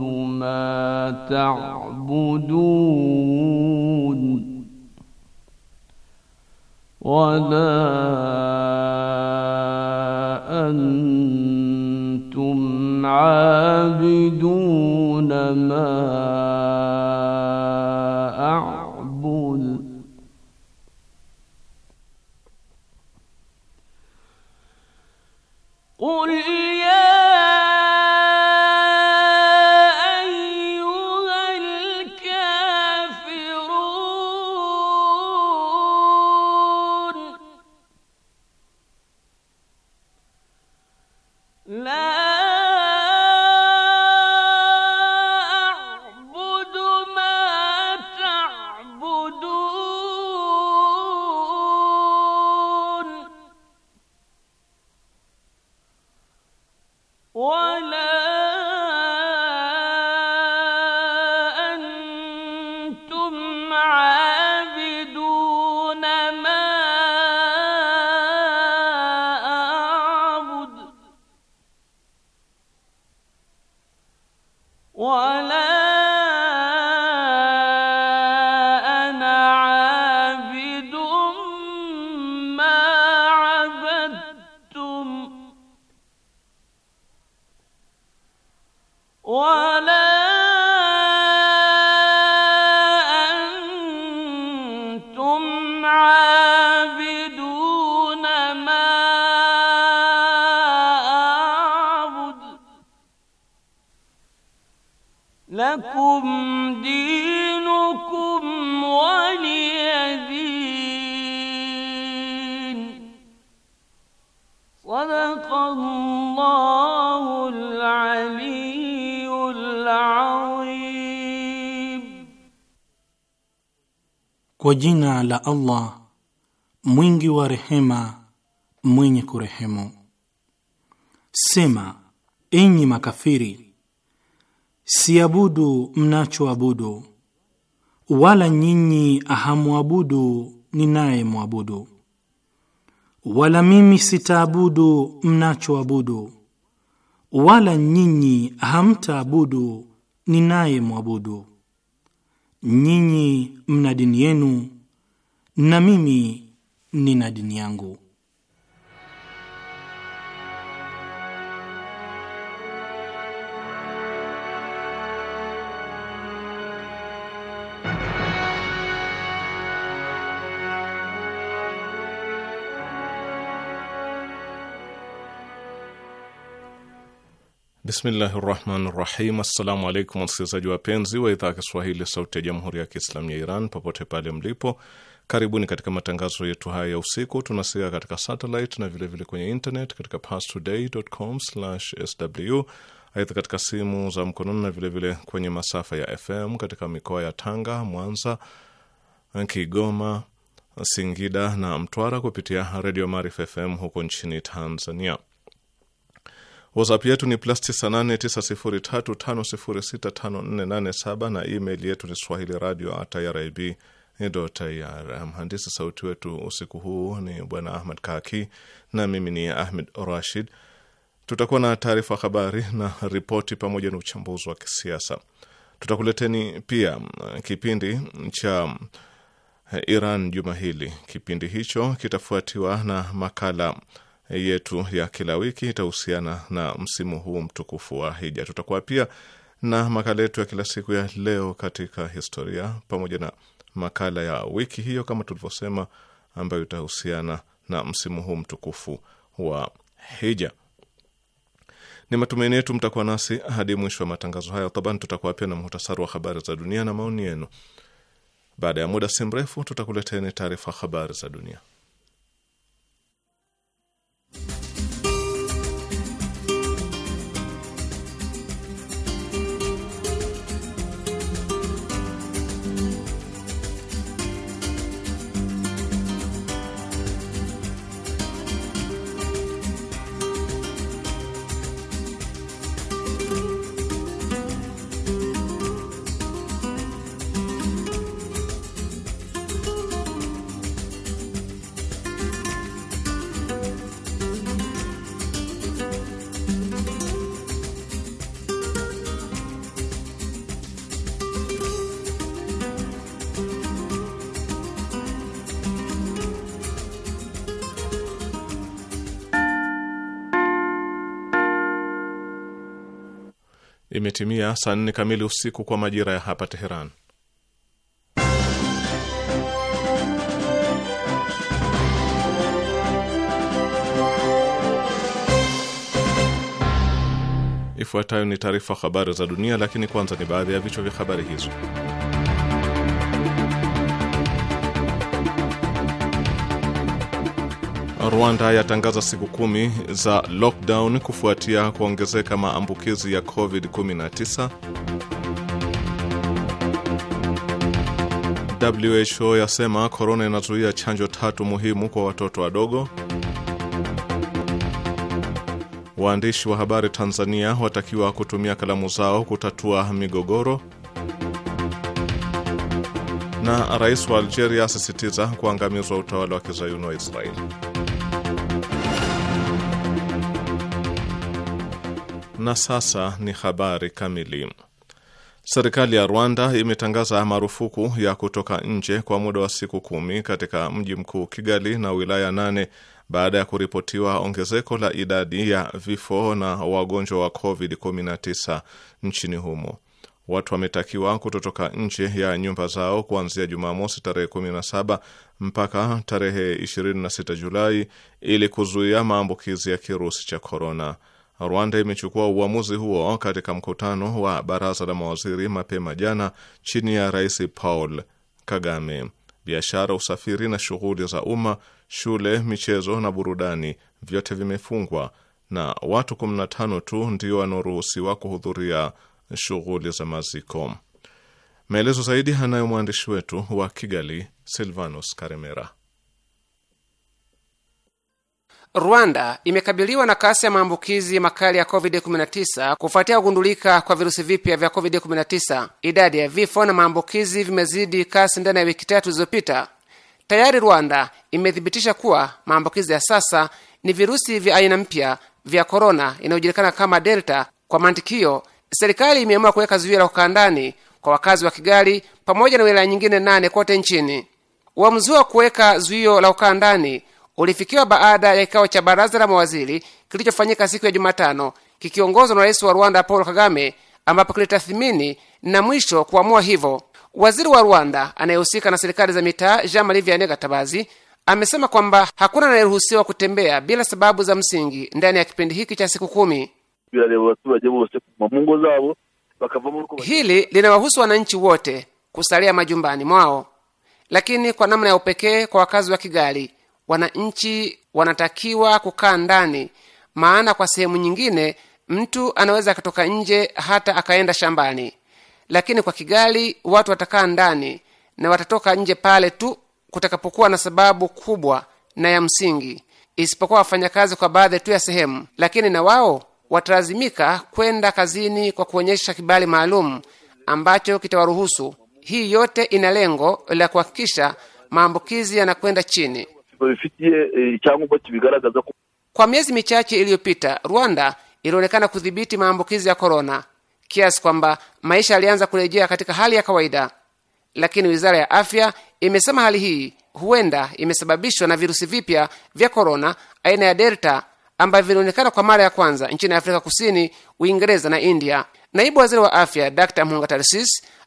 ما تعبدون ولا أنتم عابدون ما أعبد قل Kwa jina la Allah mwingi wa rehema mwenye kurehemu. Sema, enyi makafiri, siabudu mnachoabudu, wala nyinyi hamuabudu ninaye mwabudu wala mimi sitaabudu mnachoabudu, wala nyinyi hamtaabudu ninaye mwabudu. Nyinyi mna dini yenu na mimi nina dini yangu. Bismillahi rahmani rahim. Assalamu alaikum wasikilizaji wapenzi wa idhaa ya Kiswahili sauti ya jamhuri ya kiislamu ya Iran popote pale mlipo, karibuni katika matangazo yetu haya ya usiku. tunasika katika satellite na vilevile vile kwenye internet katika parstoday.com/sw, aidha katika simu za mkononi na vilevile vile kwenye masafa ya FM katika mikoa ya Tanga, Mwanza, Kigoma, Singida na Mtwara kupitia redio Maarifa FM huko nchini Tanzania. WhatsApp yetu ni plus 989035065487 na email yetu ni swahili radio irib tayar. Mhandisi sauti wetu usiku huu ni bwana Ahmad Kaki na mimi ni Ahmed Rashid. Tutakuwa na taarifa habari na ripoti pamoja na uchambuzi wa kisiasa. Tutakuleteni pia kipindi cha Iran juma hili. Kipindi hicho kitafuatiwa na makala yetu ya kila wiki itahusiana na msimu huu mtukufu wa hija. Tutakuwa pia na makala yetu ya kila siku ya leo katika historia, pamoja na makala ya wiki hiyo kama tulivyosema, ambayo itahusiana na msimu huu mtukufu wa hija. Ni matumaini yetu mtakuwa nasi hadi mwisho wa matangazo haya. Taban, tutakuwa pia na muhtasari wa habari za dunia na maoni yenu. Baada ya muda si mrefu, tutakuleteni taarifa habari za dunia. imetimia saa nne kamili usiku kwa majira ya hapa Teheran. Ifuatayo ni taarifa habari za dunia, lakini kwanza ni baadhi ya vichwa vya habari hizo. Rwanda yatangaza siku kumi za lockdown kufuatia kuongezeka maambukizi ya COVID-19. WHO yasema korona inazuia chanjo tatu muhimu kwa watoto wadogo. Waandishi wa habari Tanzania watakiwa kutumia kalamu zao kutatua migogoro. Na rais wa Algeria asisitiza kuangamizwa utawala wa kizayuni wa Israeli. Na sasa ni habari kamili. Serikali ya Rwanda imetangaza marufuku ya kutoka nje kwa muda wa siku kumi katika mji mkuu Kigali na wilaya nane baada ya kuripotiwa ongezeko la idadi ya vifo na wagonjwa wa COVID-19 nchini humo. Watu wametakiwa kutotoka nje ya nyumba zao kuanzia Jumamosi tarehe 17 mpaka tarehe 26 Julai ili kuzuia maambukizi ya kirusi cha korona. Rwanda imechukua uamuzi huo katika mkutano wa baraza la mawaziri mapema jana chini ya Rais Paul Kagame. Biashara, usafiri na shughuli za umma, shule, michezo na burudani vyote vimefungwa na watu 15 tu ndio wanaoruhusiwa kuhudhuria shughuli za maziko. Maelezo zaidi anayo mwandishi wetu wa Kigali, Silvanus Karemera. Rwanda imekabiliwa na kasi ya maambukizi makali ya COVID-19 kufuatia kugundulika kwa virusi vipya vya COVID-19. Idadi ya vifo na maambukizi vimezidi kasi ndani ya wiki tatu zilizopita. Tayari Rwanda imethibitisha kuwa maambukizi ya sasa ni virusi vya aina mpya vya korona inayojulikana kama Delta. Kwa mantikio, serikali imeamua kuweka zuio la kukaa ndani kwa wakazi wa Kigali pamoja na wilaya nyingine nane kote nchini. Uamuzi wa kuweka zuio la kukaa ndani ulifikiwa baada ya kikao cha baraza la mawaziri kilichofanyika siku ya Jumatano kikiongozwa na rais wa Rwanda Paul Kagame, ambapo kilitathimini na mwisho kuamua hivyo. Waziri wa Rwanda anayehusika na serikali za mitaa Jean Marie Vianney Gatabazi amesema kwamba hakuna anayeruhusiwa kutembea bila sababu za msingi ndani ya kipindi hiki cha siku kumi. Hili linawahusu wananchi wote kusalia majumbani mwao, lakini kwa namna ya upekee kwa wakazi wa Kigali wananchi wanatakiwa kukaa ndani, maana kwa sehemu nyingine mtu anaweza akatoka nje hata akaenda shambani, lakini kwa Kigali watu watakaa ndani na watatoka nje pale tu kutakapokuwa na sababu kubwa na ya msingi, isipokuwa wafanyakazi kwa baadhi tu ya sehemu, lakini na wao watalazimika kwenda kazini kwa kuonyesha kibali maalum ambacho kitawaruhusu. Hii yote ina lengo la kuhakikisha maambukizi yanakwenda chini babifitiye eh, icyangombwa kibigaragaza ko kwa miezi michache iliyopita Rwanda ilionekana kudhibiti maambukizi ya korona kiasi kwamba maisha yalianza kurejea katika hali ya kawaida, lakini wizara ya afya imesema hali hii huenda imesababishwa na virusi vipya vya korona aina ya Delta ambavyo vilionekana kwa mara ya kwanza nchini Afrika Kusini, Uingereza na India. Naibu waziri wa afya Dr Mhunga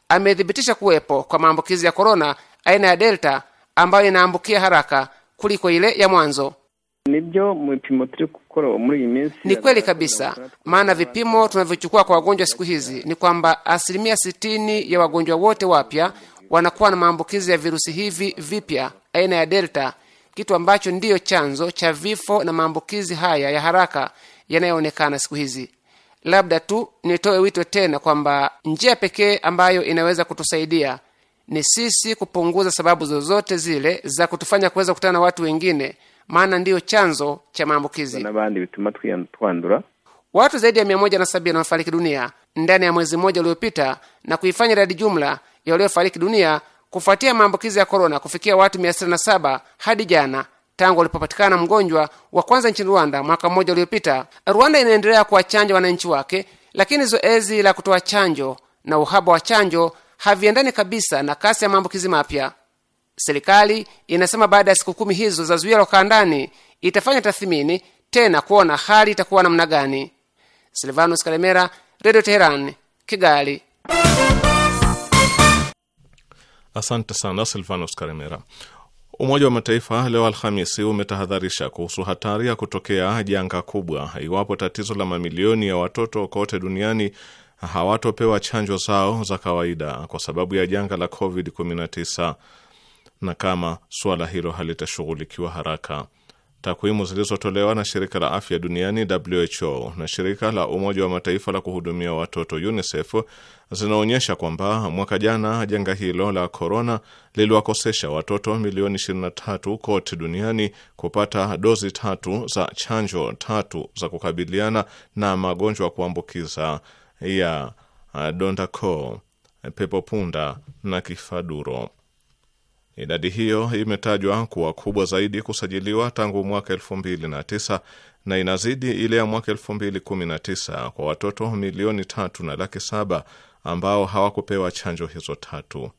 amethibitisha kuwepo kwa maambukizi ya korona aina ya Delta ambayo inaambukia haraka kuliko ile ya mwanzo. Ni kweli kabisa, maana vipimo tunavyochukua kwa wagonjwa siku hizi ni kwamba asilimia sitini ya wagonjwa wote wapya wanakuwa na maambukizi ya virusi hivi vipya aina ya Delta, kitu ambacho ndiyo chanzo cha vifo na maambukizi haya ya haraka yanayoonekana siku hizi. Labda tu nitoe wito tena kwamba njia pekee ambayo inaweza kutusaidia ni sisi kupunguza sababu zozote zile za kutufanya kuweza kukutana na watu wengine, maana ndiyo chanzo cha maambukizi. Watu zaidi ya mia moja na sabini wamefariki dunia ndani ya mwezi mmoja uliopita na kuifanya idadi jumla ya waliofariki dunia kufuatia maambukizi ya korona kufikia watu saba hadi jana tangu walipopatikana mgonjwa wa kwanza nchini Rwanda mwaka mmoja uliopita. Rwanda inaendelea kuwachanja wananchi wake, lakini zoezi la kutoa chanjo na uhaba wa chanjo haviendani kabisa na kasi ya maambukizi mapya. Serikali inasema baada ya siku kumi hizo za zuio la kukaa ndani itafanya tathmini tena kuona hali itakuwa namna gani. Silvanus Kalemera, Redio Teheran, Kigali. Asante sana Silvanus Kalemera. Umoja wa Mataifa leo Alhamisi umetahadharisha kuhusu hatari ya kutokea janga kubwa iwapo tatizo la mamilioni ya watoto kote duniani hawatopewa chanjo zao za kawaida kwa sababu ya janga la COVID-19 na kama suala hilo halitashughulikiwa haraka. Takwimu zilizotolewa na shirika la afya duniani WHO na shirika la Umoja wa Mataifa la kuhudumia watoto UNICEF zinaonyesha kwamba mwaka jana janga hilo la korona liliwakosesha watoto milioni 23 kote duniani kupata dozi tatu za chanjo tatu za kukabiliana na magonjwa kuambukiza ya uh, dondaco koo, uh, pepo punda na kifaduro. Idadi hiyo imetajwa kuwa kubwa zaidi kusajiliwa tangu mwaka mbili na inazidi ile ya mwaka tisa kwa watoto milioni tatu na laki saba ambao hawakupewa chanjo hizo tatu.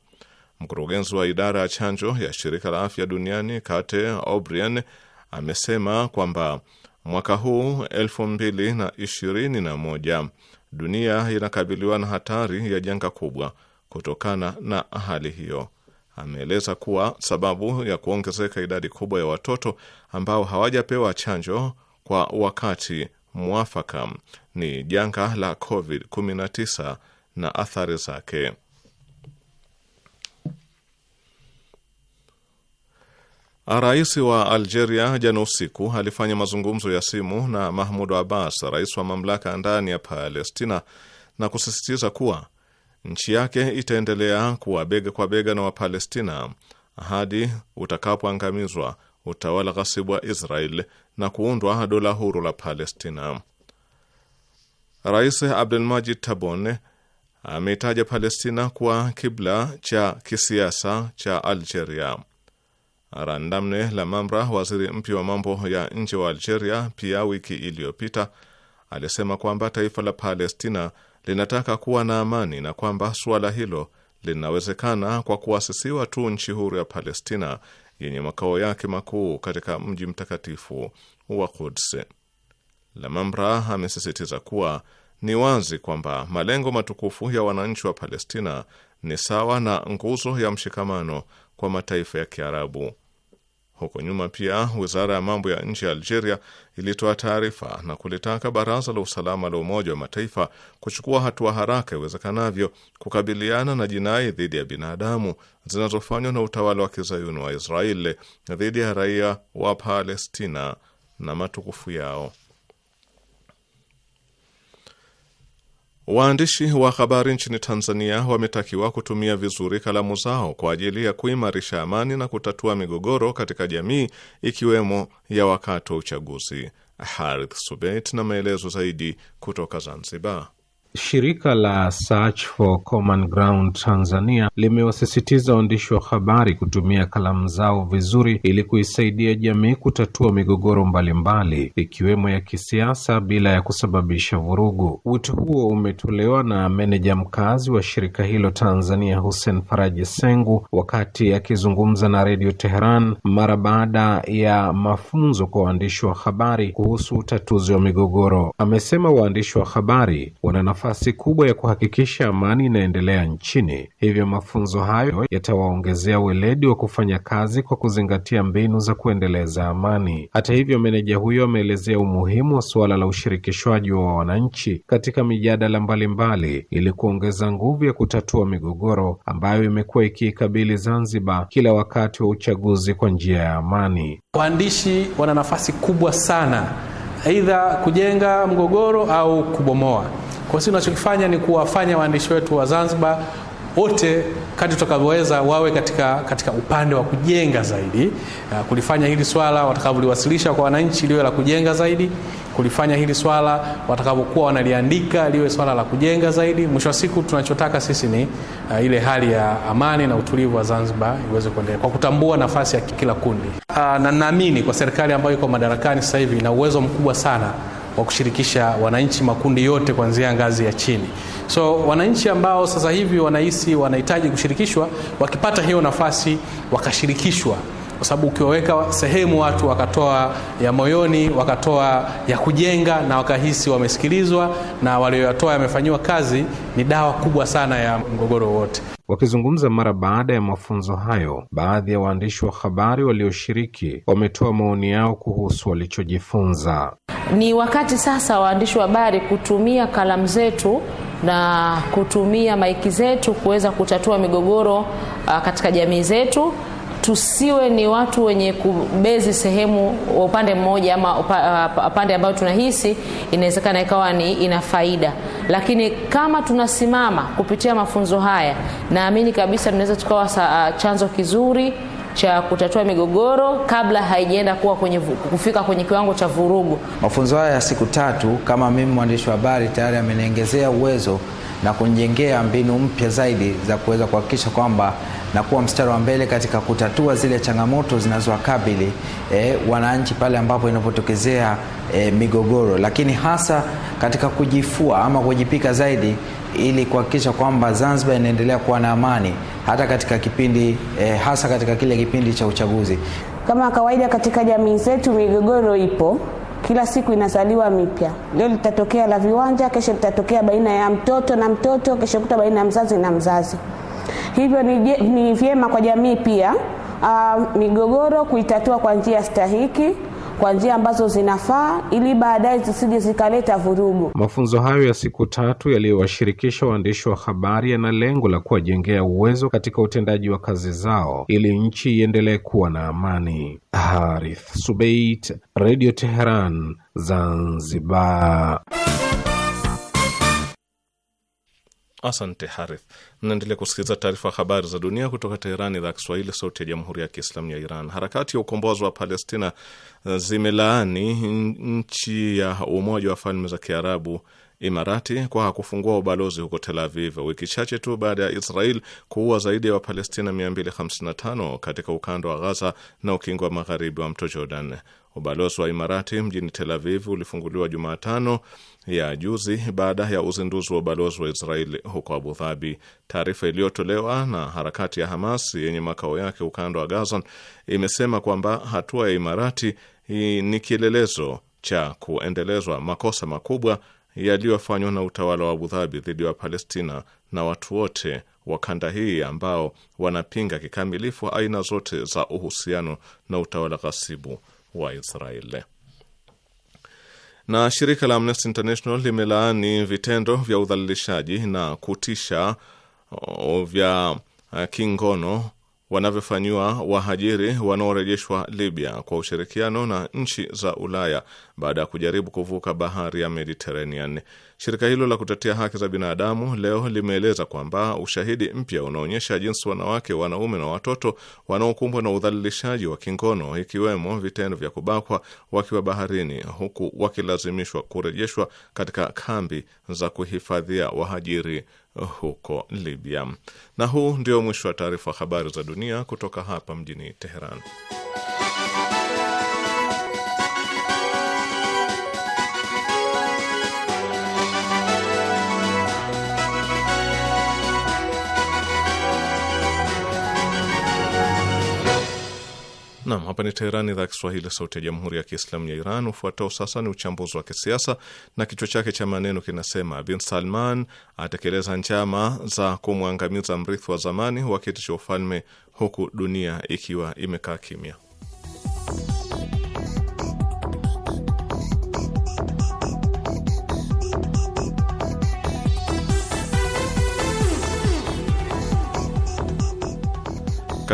Mkurugenzi wa idara ya chanjo ya shirika la afya duniani Kate O'Brien amesema kwamba mwaka huu moja Dunia inakabiliwa na hatari ya janga kubwa kutokana na hali hiyo. Ameeleza kuwa sababu ya kuongezeka idadi kubwa ya watoto ambao hawajapewa chanjo kwa wakati mwafaka ni janga la COVID-19 na athari zake. Rais wa Algeria jana usiku alifanya mazungumzo ya simu na Mahmud Abbas, rais wa mamlaka ndani ya Palestina, na kusisitiza kuwa nchi yake itaendelea kuwa bega kwa bega na Wapalestina hadi utakapoangamizwa utawala ghasibu wa Israel na kuundwa dola huru la Palestina. Rais Abdelmajid Tabon ameitaja Palestina kuwa kibla cha kisiasa cha Algeria. Randamne Lamamra, waziri mpya wa mambo ya nje wa Algeria, pia wiki iliyopita alisema kwamba taifa la Palestina linataka kuwa na amani na kwamba suala hilo linawezekana kwa kuasisiwa tu nchi huru ya Palestina yenye makao yake makuu katika mji mtakatifu wa Quds. Lamamra amesisitiza kuwa ni wazi kwamba malengo matukufu ya wananchi wa Palestina ni sawa na nguzo ya mshikamano kwa mataifa ya Kiarabu huko nyuma pia wizara ya mambo ya nje ya Algeria ilitoa taarifa na kulitaka baraza la usalama la Umoja wa Mataifa kuchukua hatua haraka iwezekanavyo kukabiliana na jinai dhidi ya binadamu zinazofanywa na utawala wa kizayuni wa Israeli dhidi ya raia wa Palestina na matukufu yao. Waandishi wa habari nchini Tanzania wametakiwa kutumia vizuri kalamu zao kwa ajili ya kuimarisha amani na kutatua migogoro katika jamii ikiwemo ya wakati wa uchaguzi. Harith Subeit na maelezo zaidi kutoka Zanzibar. Shirika la Search for Common Ground Tanzania limewasisitiza waandishi wa habari kutumia kalamu zao vizuri ili kuisaidia jamii kutatua migogoro mbalimbali ikiwemo ya kisiasa bila ya kusababisha vurugu. Wito huo umetolewa na meneja mkazi wa shirika hilo Tanzania, Hussein Faraji Sengu, wakati akizungumza na Redio Teheran mara baada ya mafunzo kwa waandishi wa habari kuhusu utatuzi wa migogoro. Amesema waandishi wa habari wana nafasi kubwa ya kuhakikisha amani inaendelea nchini, hivyo mafunzo hayo yatawaongezea weledi wa kufanya kazi kwa kuzingatia mbinu za kuendeleza amani. Hata hivyo, meneja huyo ameelezea umuhimu wa suala la ushirikishwaji wa wananchi katika mijadala mbalimbali ili kuongeza nguvu ya kutatua migogoro ambayo imekuwa ikiikabili Zanzibar kila wakati wa uchaguzi kwa njia ya amani. Waandishi wana nafasi kubwa sana aidha kujenga mgogoro au kubomoa. Kwa hiyo tunachokifanya ni kuwafanya waandishi wetu wa Zanzibar wote kati tutakavyoweza wawe katika, katika upande wa kujenga zaidi ah, kulifanya hili swala watakavyoliwasilisha kwa wananchi liwe la kujenga zaidi kulifanya hili swala watakavyokuwa wanaliandika liwe swala la kujenga zaidi mwisho wa siku tunachotaka sisi ni uh, ile hali ya amani na utulivu wa zanzibar iweze kuendelea kwa kutambua nafasi ya kila kundi uh, na naamini kwa serikali ambayo iko madarakani sasa hivi ina uwezo mkubwa sana wa kushirikisha wananchi, makundi yote kuanzia ngazi ya chini. So wananchi ambao sasa hivi wanahisi wanahitaji kushirikishwa, wakipata hiyo nafasi wakashirikishwa kwa sababu ukiwaweka sehemu watu wakatoa ya moyoni wakatoa ya kujenga na wakahisi wamesikilizwa na walioyatoa yamefanyiwa kazi ni dawa kubwa sana ya mgogoro wowote Wakizungumza mara baada ya mafunzo hayo, baadhi ya waandishi wa habari walioshiriki wametoa maoni yao kuhusu walichojifunza. Ni wakati sasa waandishi wa habari kutumia kalamu zetu na kutumia maiki zetu kuweza kutatua migogoro ah, katika jamii zetu tusiwe ni watu wenye kubezi sehemu wa upande mmoja ama uh, upande ambayo tunahisi inawezekana ikawa ni ina faida, lakini kama tunasimama kupitia mafunzo haya, naamini kabisa tunaweza tukawa uh, chanzo kizuri cha kutatua migogoro kabla haijaenda kuwa kwenye kufika kwenye kiwango cha vurugu. Mafunzo haya ya siku tatu, kama mimi mwandishi wa habari, tayari ameniongezea uwezo na kunijengea mbinu mpya zaidi za kuweza kuhakikisha kwamba nakuwa mstari wa mbele katika kutatua zile changamoto zinazowakabili e, wananchi pale ambapo inapotokezea e, migogoro, lakini hasa katika kujifua ama kujipika zaidi ili kuhakikisha kwamba Zanzibar inaendelea kuwa na amani hata katika kipindi e, hasa katika kile kipindi cha uchaguzi. Kama kawaida katika jamii zetu, migogoro ipo kila siku inazaliwa mipya. Leo litatokea la viwanja, kesho litatokea baina ya mtoto na mtoto, kesho kuta baina ya mzazi na mzazi. Hivyo ni, ni vyema kwa jamii pia uh, migogoro kuitatua kwa njia stahiki kwa njia ambazo zinafaa ili baadaye zisije zikaleta vurugu. Mafunzo hayo ya siku tatu yaliyowashirikisha waandishi wa habari yana lengo la kuwajengea uwezo katika utendaji wa kazi zao ili nchi iendelee kuwa na amani. Harith Subeit, Radio Teheran, Zanzibar. Asante Harith. Naendelea kusikiliza taarifa ya habari za dunia kutoka Teherani, idhaa ya Kiswahili, sauti ya jamhuri ya kiislamu ya Iran. Harakati ya ukombozi wa Palestina eh, zimelaani nchi ya Umoja wa Falme za Kiarabu, Imarati, kwa kufungua ubalozi huko Tel Aviv wiki chache tu baada ya Israel kuua zaidi ya Wapalestina 255 katika ukanda wa Ghaza na ukingo wa magharibi wa mto Jordan. Ubalozi wa Imarati mjini Tel Aviv ulifunguliwa Jumatano ya juzi baada ya uzinduzi wa ubalozi wa Israeli huko Abu Dhabi. Taarifa iliyotolewa na harakati ya Hamas yenye makao yake ukanda wa Gaza imesema kwamba hatua ya Imarati ni kielelezo cha kuendelezwa makosa makubwa yaliyofanywa na utawala wa Abu Dhabi dhidi ya Wapalestina na watu wote wa kanda hii ambao wanapinga kikamilifu aina zote za uhusiano na utawala ghasibu wa Israeli. Na shirika la Amnesty International limelaani vitendo vya udhalilishaji na kutisha oh, vya eh, kingono wanavyofanyiwa wahajiri wanaorejeshwa Libya kwa ushirikiano na nchi za Ulaya baada ya kujaribu kuvuka bahari ya Mediterranean. Shirika hilo la kutetea haki za binadamu leo limeeleza kwamba ushahidi mpya unaonyesha jinsi wanawake, wanaume na watoto wanaokumbwa na udhalilishaji wa kingono, ikiwemo vitendo vya kubakwa wakiwa baharini, huku wakilazimishwa kurejeshwa katika kambi za kuhifadhia wahajiri huko Libya. Na huu ndio mwisho wa taarifa habari za dunia kutoka hapa mjini Teheran. Nam, hapa ni Teherani, idhaa Kiswahili, sauti ya jamhuri ya kiislamu ya Iran. Ufuatao sasa ni uchambuzi wa kisiasa na kichwa chake cha maneno kinasema: Bin Salman atekeleza njama za kumwangamiza mrithi wa zamani wa kiti cha ufalme huku dunia ikiwa imekaa kimya.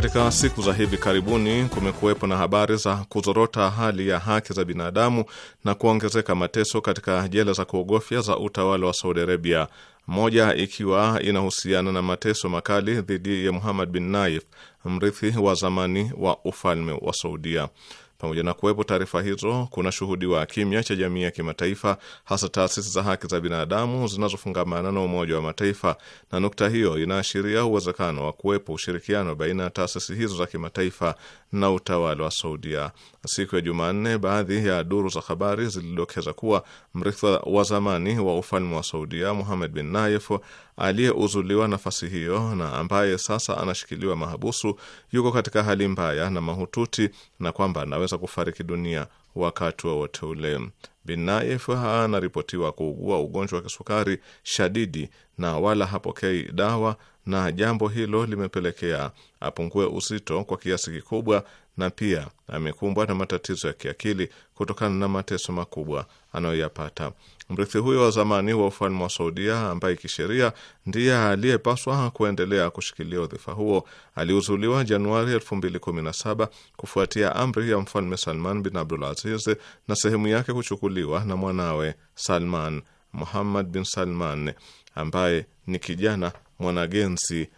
Katika siku za hivi karibuni kumekuwepo na habari za kuzorota hali ya haki za binadamu na kuongezeka mateso katika jela za kuogofya za utawala wa Saudi Arabia, moja ikiwa inahusiana na mateso makali dhidi ya Muhammad bin Naif, mrithi wa zamani wa ufalme wa Saudia. Pamoja na kuwepo taarifa hizo, kuna shuhudiwa kimya cha jamii ya kimataifa, hasa taasisi za haki za binadamu zinazofungamana na Umoja wa Mataifa, na nukta hiyo inaashiria uwezekano wa kuwepo ushirikiano baina ya taasisi hizo za kimataifa na utawala wa Saudia. Siku ya Jumanne, baadhi ya duru za habari zilidokeza kuwa mrithi wa zamani wa ufalme wa Saudia Muhammad bin Nayef aliyeuzuliwa nafasi hiyo na ambaye sasa anashikiliwa mahabusu yuko katika hali mbaya na mahututi na kwamba anaweza kufariki dunia wakati wowote wa ule. Bin Naif anaripotiwa kuugua ugonjwa wa kisukari shadidi na wala hapokei dawa, na jambo hilo limepelekea apungue uzito kwa kiasi kikubwa, na pia amekumbwa na matatizo ya kiakili kutokana na mateso makubwa anayoyapata. Mrithi huyo wa zamani wa ufalme wa Saudia, ambaye kisheria ndiye aliyepaswa kuendelea kushikilia udhifa huo, aliuzuliwa Januari 2017 kufuatia amri ya mfalme Salman bin Abdul Aziz na sehemu yake kuchukuliwa na mwanawe Salman Muhammad bin Salman ambaye ni kijana mwanagenzi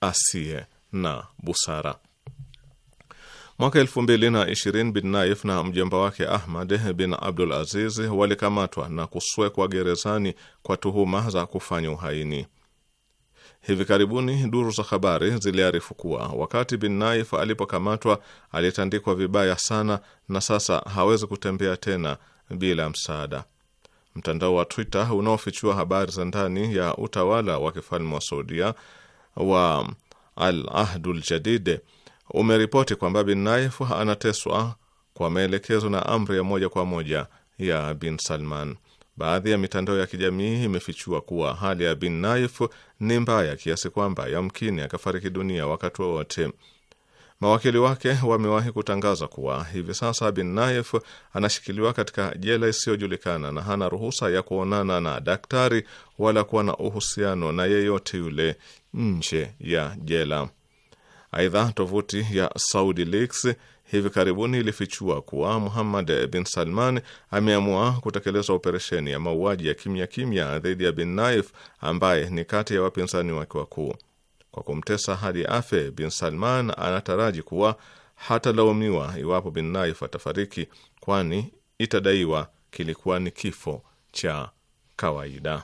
asiye na busara. Mwaka elfu mbili na ishirini bin Naif na mjomba wake Ahmad bin Abdul Aziz walikamatwa na kuswekwa gerezani kwa tuhuma za kufanya uhaini. Hivi karibuni duru za habari ziliarifu kuwa wakati bin Naif alipokamatwa alitandikwa vibaya sana, na sasa hawezi kutembea tena bila msaada. Mtandao wa Twitter unaofichua habari za ndani ya utawala wa kifalme wa Saudia wa Al Ahdul Jadid umeripoti kwamba Bin Naif anateswa kwa maelekezo na amri ya moja kwa moja ya Bin Salman. Baadhi ya mitandao ya kijamii imefichua kuwa hali ya Bin Naif ni mbaya kiasi kwamba yamkini akafariki dunia wakati wowote. Mawakili wake wamewahi kutangaza kuwa hivi sasa Bin Naif anashikiliwa katika jela isiyojulikana na hana ruhusa ya kuonana na daktari wala kuwa na uhusiano na yeyote yule nje ya jela. Aidha, tovuti ya Saudi Leaks hivi karibuni ilifichua kuwa Muhammad bin Salman ameamua kutekeleza operesheni ya mauaji ya kimya kimya dhidi ya bin Naif ambaye ni kati ya wapinzani wake wakuu. Kwa kumtesa hadi afe, bin Salman anataraji kuwa hatalaumiwa iwapo bin Naif atafariki, kwani itadaiwa kilikuwa ni kifo cha kawaida.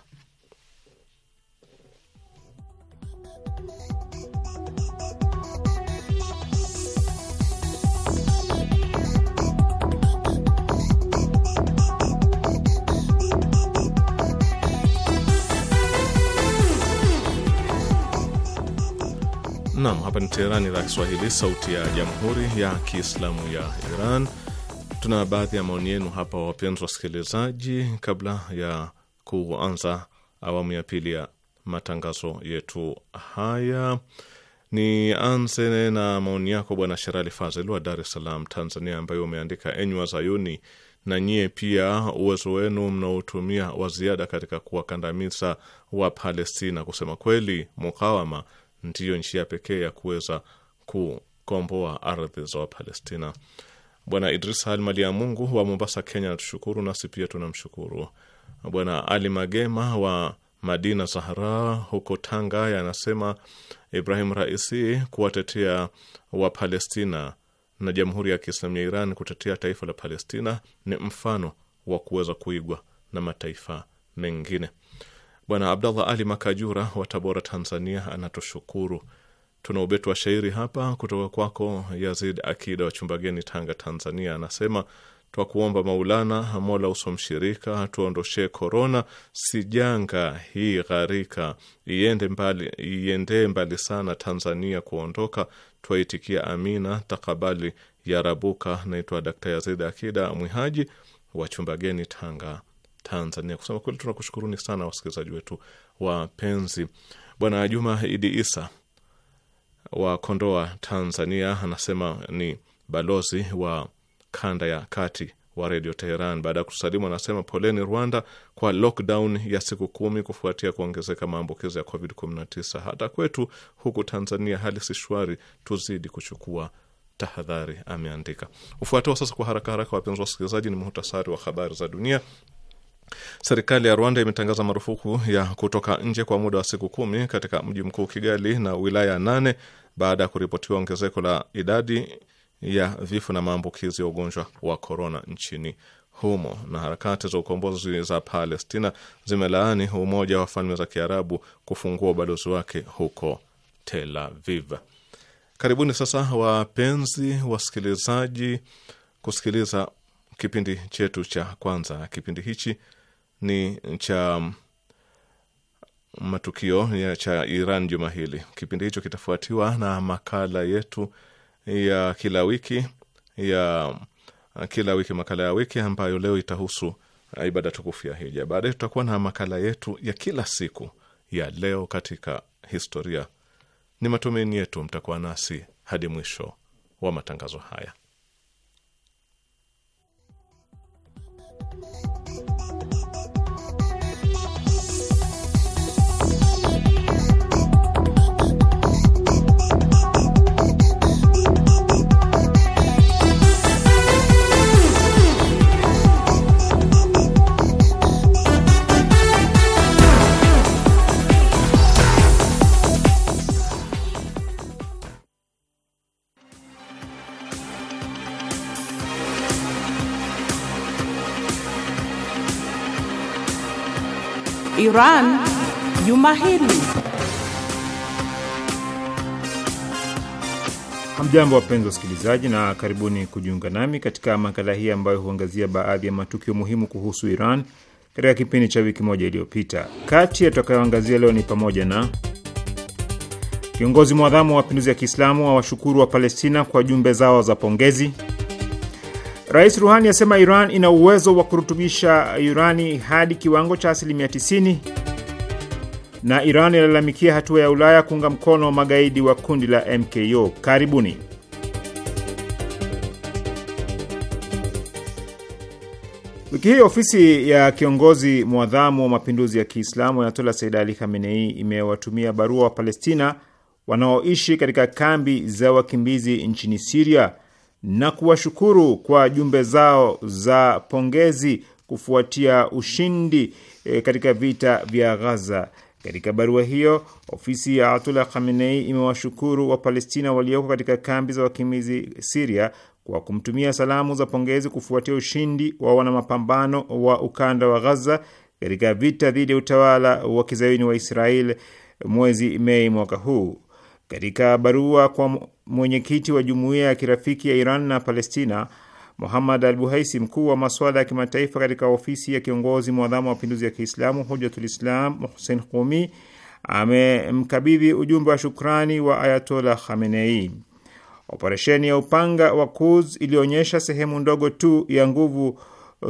Naam, hapa ni Teherani, idhaa Kiswahili, sauti ya jamhuri ya kiislamu ya Iran. Tuna baadhi ya maoni yenu hapa, wapenzi wasikilizaji, kabla ya kuanza awamu ya pili ya matangazo yetu haya. Nianze na maoni yako Bwana Sherali Fazil wa Dar es Salaam, Tanzania, ambayo umeandika: enyi wazayuni na nyie pia uwezo wenu mnaotumia wa ziada katika kuwakandamiza wa Palestina. Kusema kweli, mukawama ndiyo njia pekee ya kuweza kukomboa ardhi za Wapalestina. Bwana Idris Ali Mali ya Mungu wa Mombasa, Kenya anatushukuru, nasi pia tunamshukuru. Bwana Ali Magema wa Madina Zahra huko Tanga anasema Ibrahim Raisi kuwatetea Wapalestina na Jamhuri ya Kiislamu ya Iran kutetea taifa la Palestina ni mfano wa kuweza kuigwa na mataifa mengine. Bwana Abdallah Ali Makajura wa Tabora, Tanzania, anatushukuru. Tuna ubetu wa shairi hapa kutoka kwako Yazid Akida wa Chumbageni, Tanga, Tanzania. Anasema twakuomba Maulana, Mola uso mshirika, tuondoshee korona, si janga hii gharika, iende mbali, mbali sana Tanzania kuondoka, twaitikia amina, takabali ya rabuka. Naitwa Dakta Yazid Akida Mwihaji wa Chumbageni, Tanga, Tanzania. Kusema kweli, tunakushukuruni sana wasikilizaji wetu wapenzi. Bwana Juma Idi Isa wa Kondoa, Tanzania, anasema ni balozi wa kanda ya kati wa redio Teheran. Baada ya kutusalimu, anasema poleni Rwanda kwa lockdown ya siku kumi kufuatia kuongezeka maambukizi ya COVID-19. Hata kwetu huku Tanzania hali si shwari, tuzidi kuchukua tahadhari, ameandika. Ufuatao sasa kwa haraka haraka, wapenzi wasikilizaji, ni muhtasari wa habari za dunia. Serikali ya Rwanda imetangaza marufuku ya kutoka nje kwa muda wa siku kumi katika mji mkuu Kigali na wilaya nane baada ya kuripotiwa ongezeko la idadi ya vifo na maambukizi ya ugonjwa wa korona nchini humo. Na harakati za ukombozi za Palestina zimelaani Umoja wa Falme za Kiarabu kufungua ubalozi wake huko Tel Aviv. Karibuni sasa wapenzi wasikilizaji, kusikiliza kipindi chetu cha kwanza. Kipindi hichi ni cha matukio ya cha Iran juma hili. Kipindi hicho kitafuatiwa na makala yetu ya kila wiki ya kila wiki, makala ya wiki ambayo leo itahusu ibada tukufu ya hija. Baadaye tutakuwa na makala yetu ya kila siku ya leo katika historia. Ni matumaini yetu mtakuwa nasi hadi mwisho wa matangazo haya. Iran juma hili. Hamjambo, wapenzi wasikilizaji, na karibuni kujiunga nami katika makala hii ambayo huangazia baadhi ya matukio muhimu kuhusu Iran katika kipindi cha wiki moja iliyopita. Kati ya tutakayoangazia leo ni pamoja na kiongozi mwadhamu wa mapinduzi ya Kiislamu awashukuru wa Palestina kwa jumbe zao za pongezi Rais Ruhani asema Iran ina uwezo wa kurutubisha urani hadi kiwango cha asilimia 90, na Iran ilalamikia hatua ya Ulaya kuunga mkono magaidi wa kundi la MKO. Karibuni. Wiki hii ofisi ya kiongozi mwadhamu wa mapinduzi ya Kiislamu Ayatola Said Ali Khamenei imewatumia barua wa Palestina wanaoishi katika kambi za wakimbizi nchini Siria na kuwashukuru kwa jumbe zao za pongezi kufuatia ushindi e, katika vita vya Ghaza. Katika barua hiyo, ofisi ya Ayatullah Khamenei imewashukuru Wapalestina walioko katika kambi za wakimbizi Siria kwa kumtumia salamu za pongezi kufuatia ushindi wa wanamapambano wa ukanda wa Ghaza katika vita dhidi ya utawala wa kizayuni wa Israel mwezi Mei mwaka huu. Katika barua kwa mwenyekiti wa jumuiya ya kirafiki ya Iran na Palestina Muhammad al Buhaisi, mkuu wa masuala ya kimataifa katika ofisi ya kiongozi mwadhamu wa mapinduzi ya Kiislamu Hujatulislam Hussein Qumi amemkabidhi ujumbe wa shukrani wa Ayatollah Khamenei. Operesheni ya upanga wa Quds ilionyesha sehemu ndogo tu ya nguvu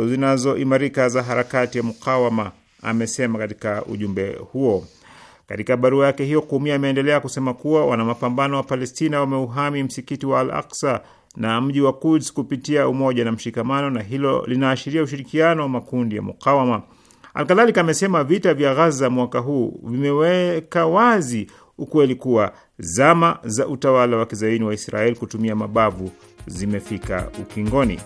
zinazoimarika za harakati ya mukawama, amesema katika ujumbe huo. Katika barua yake hiyo, kumi ameendelea kusema kuwa wana mapambano wa Palestina wameuhami msikiti wa Al Aksa na mji wa Kuds kupitia umoja na mshikamano, na hilo linaashiria ushirikiano wa makundi ya mukawama. Alkadhalika amesema vita vya Ghaza mwaka huu vimeweka wazi ukweli kuwa zama za utawala wa kizaini wa Israeli kutumia mabavu zimefika ukingoni.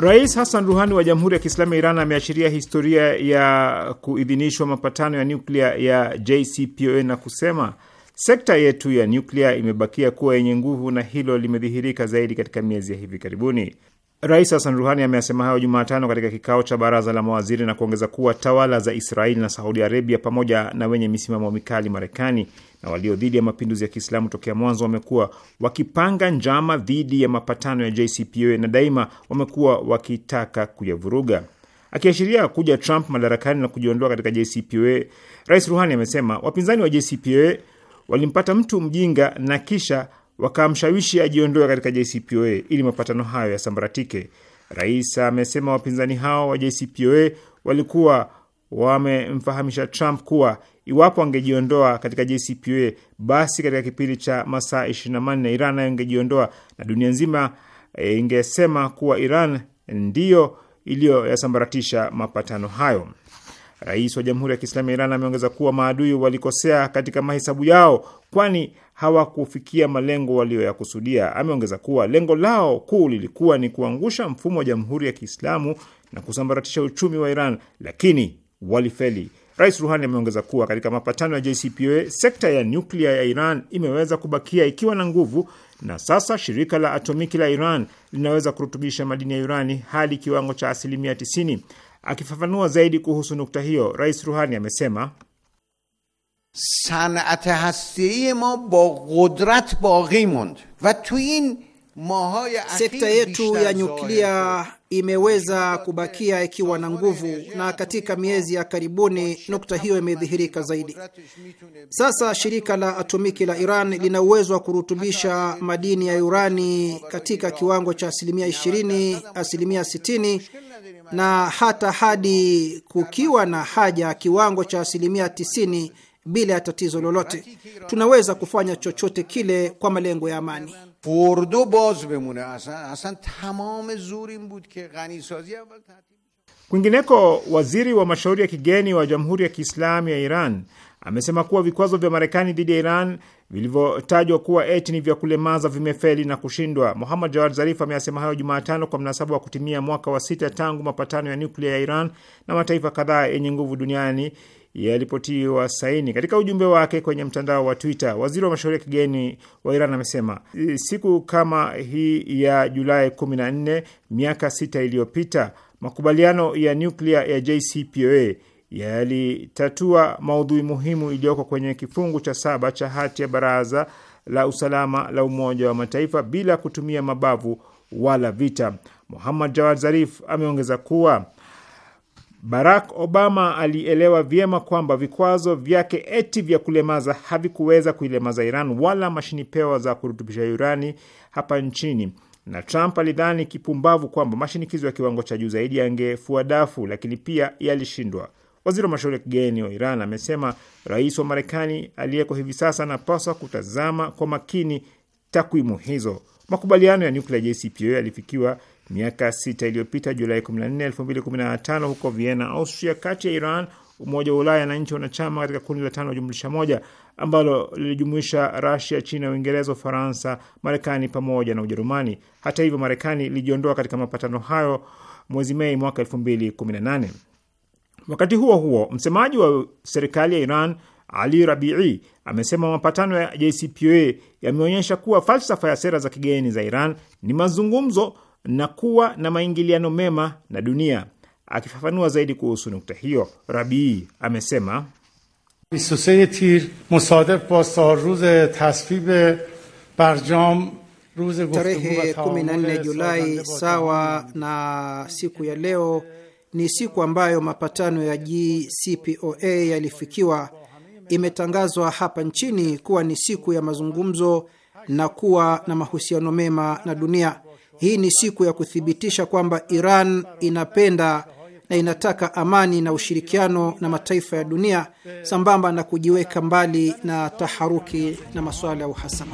Rais Hassan Ruhani wa Jamhuri ya Kiislamu ya Iran ameashiria historia ya kuidhinishwa mapatano ya nyuklia ya JCPOA na kusema sekta yetu ya nyuklia imebakia kuwa yenye nguvu na hilo limedhihirika zaidi katika miezi ya hivi karibuni. Rais Hassan Ruhani ameasema hayo Jumatano katika kikao cha baraza la mawaziri na kuongeza kuwa tawala za Israeli na Saudi Arabia pamoja na wenye misimamo mikali Marekani na walio dhidi ya mapinduzi ya Kiislamu tokea mwanzo wamekuwa wakipanga njama dhidi ya mapatano ya JCPOA na daima wamekuwa wakitaka kuyavuruga. Akiashiria kuja Trump madarakani na kujiondoa katika JCPOA, Rais Ruhani amesema wapinzani wa JCPOA walimpata mtu mjinga na kisha wakamshawishi ajiondoe katika JCPOA ili mapatano hayo yasambaratike. Rais amesema wapinzani hao wa JCPOA walikuwa wamemfahamisha Trump kuwa iwapo angejiondoa katika JCPOA basi katika kipindi cha masaa manne Iran nayo ingejiondoa na dunia nzima e, ingesema kuwa Iran ndiyo iliyoyasambaratisha mapatano hayo. Rais wa Jamhuri ya Kiislamu ya Iran ameongeza kuwa maadui walikosea katika mahesabu yao, kwani hawakufikia malengo walioyakusudia. Ameongeza kuwa lengo lao kuu lilikuwa ni kuangusha mfumo wa Jamhuri ya Kiislamu na kusambaratisha uchumi wa Iran, lakini walifeli. Rais Ruhani ameongeza kuwa katika mapatano ya JCPOA sekta ya nyuklia ya Iran imeweza kubakia ikiwa na nguvu, na sasa shirika la atomiki la Iran linaweza kurutubisha madini ya urani hadi kiwango cha asilimia 90. Akifafanua zaidi kuhusu nukta hiyo, Rais Ruhani amesema sanat hastei ma ba qudrat baqi mond va tu in Sekta yetu ya nyuklia imeweza kubakia ikiwa na nguvu, na katika miezi ya karibuni nukta hiyo imedhihirika zaidi. Sasa shirika la atomiki la Iran lina uwezo wa kurutubisha madini ya urani katika kiwango cha asilimia 20, asilimia 60 na hata hadi kukiwa na haja kiwango cha asilimia 90 bila ya tatizo lolote. Tunaweza kufanya chochote kile kwa malengo ya amani. فردو باز بمونه اصلا, اصلا تمام زور این بود که سازی اول تعطیل Kwingineko, waziri wa mashauri ya kigeni wa Jamhuri ya Kiislamu ya Iran amesema kuwa vikwazo vya Marekani dhidi ya Iran vilivyotajwa kuwa eti ni vya kulemaza vimefeli na kushindwa. Muhammad Jawad Zarif ameyasema hayo Jumatano kwa mnasaba wa kutimia mwaka wa sita tangu mapatano ya nuklia ya Iran na mataifa kadhaa yenye nguvu duniani yalipotiwa saini. Katika ujumbe wake kwenye mtandao wa Twitter, waziri wa mashauri ya kigeni wa Iran amesema e, siku kama hii ya Julai 14 miaka sita iliyopita makubaliano ya nyuklia ya JCPOA yalitatua maudhui muhimu iliyoko kwenye kifungu cha saba cha hati ya Baraza la Usalama la Umoja wa Mataifa bila kutumia mabavu wala vita. Muhammad Jawad Zarif ameongeza kuwa Barack Obama alielewa vyema kwamba vikwazo vyake eti vya kulemaza havikuweza kuilemaza Iran wala mashini pewa za kurutubisha urani hapa nchini, na Trump alidhani kipumbavu kwamba mashinikizo ya kiwango cha juu zaidi yangefua dafu, lakini pia yalishindwa. Waziri wa mashauri ya kigeni wa Iran amesema rais wa Marekani aliyeko hivi sasa anapaswa kutazama kwa makini takwimu hizo. Makubaliano ya nyuklia JCPOA yalifikiwa miaka sita iliyopita Julai 14, 2015 huko Vienna, Austria, kati ya Iran, Umoja wa Ulaya na nchi wanachama katika kundi la tano jumlisha moja ambalo lilijumuisha Rasia, China, Uingereza, Ufaransa, Marekani pamoja na Ujerumani. Hata hivyo, Marekani ilijiondoa katika mapatano hayo mwezi Mei mwaka 2018. Wakati huo huo, msemaji wa serikali ya Iran Ali Rabii amesema mapatano ya JCPOA yameonyesha kuwa falsafa ya sera za kigeni za Iran ni mazungumzo na kuwa na maingiliano mema na dunia. Akifafanua zaidi kuhusu nukta hiyo, Rabii amesema e tarehe 14 e Julai sawa na siku ya leo ni siku ambayo mapatano ya JCPOA yalifikiwa. Imetangazwa hapa nchini kuwa ni siku ya mazungumzo na kuwa na mahusiano mema na dunia. Hii ni siku ya kuthibitisha kwamba Iran inapenda na inataka amani na ushirikiano na mataifa ya dunia sambamba na kujiweka mbali na taharuki na masuala ya uhasama.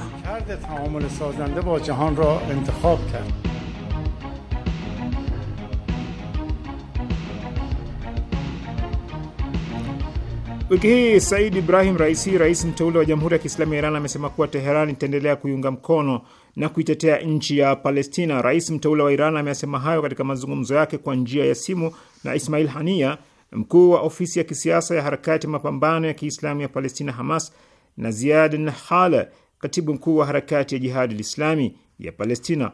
Wiki hii Said Ibrahim Raisi, rais mteule wa Jamhuri ya Kiislamu ya Iran, amesema kuwa Teheran itaendelea kuiunga mkono na kuitetea nchi ya Palestina. Rais mteule wa Iran amesema hayo katika mazungumzo yake kwa njia ya simu na Ismail Hania, mkuu wa ofisi ya kisiasa ya harakati mapambano ya Kiislamu ya Palestina, Hamas, na Ziad Nahal, katibu mkuu wa harakati ya Jihadi Islami ya Palestina.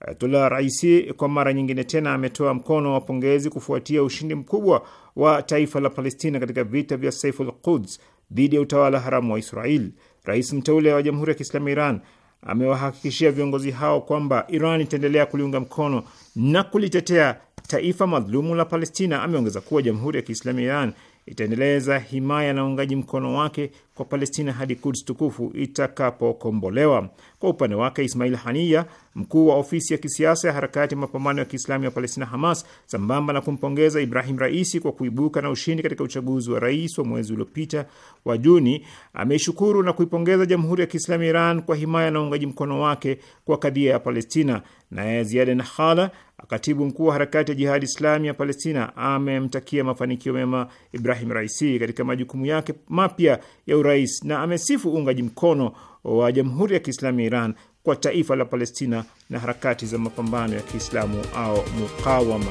Ayatullah Raisi kwa mara nyingine tena ametoa mkono wa pongezi kufuatia ushindi mkubwa wa taifa la Palestina katika vita vya Saiful Quds dhidi ya utawala haramu wa Israel. Rais mteule wa Jamhuri ya Kiislamu Iran amewahakikishia viongozi hao kwamba Iran itaendelea kuliunga mkono na kulitetea taifa madhulumu la Palestina. Ameongeza kuwa Jamhuri ya Kiislamu ya Iran itaendeleza himaya na uungaji mkono wake kwa Palestina hadi Kuds tukufu itakapokombolewa. Kwa upande wake, Ismail Haniya, mkuu wa ofisi ya kisiasa ya harakati ya mapambano ya Kiislamu ya Palestina, Hamas, sambamba na kumpongeza Ibrahim Raisi kwa kuibuka na ushindi katika uchaguzi wa rais wa mwezi uliopita wa Juni, ameishukuru na kuipongeza Jamhuri ya Kiislamu ya Iran kwa himaya na uungaji mkono wake kwa kadhia ya Palestina. Naye Ziada Nahala, katibu mkuu wa harakati ya Jihadi Islami ya Palestina, amemtakia mafanikio mema Ibrahim Raisi katika majukumu yake mapya ya urais na amesifu uungaji mkono wa Jamhuri ya Kiislamu ya Iran kwa taifa la Palestina na harakati za mapambano ya Kiislamu au mukawama.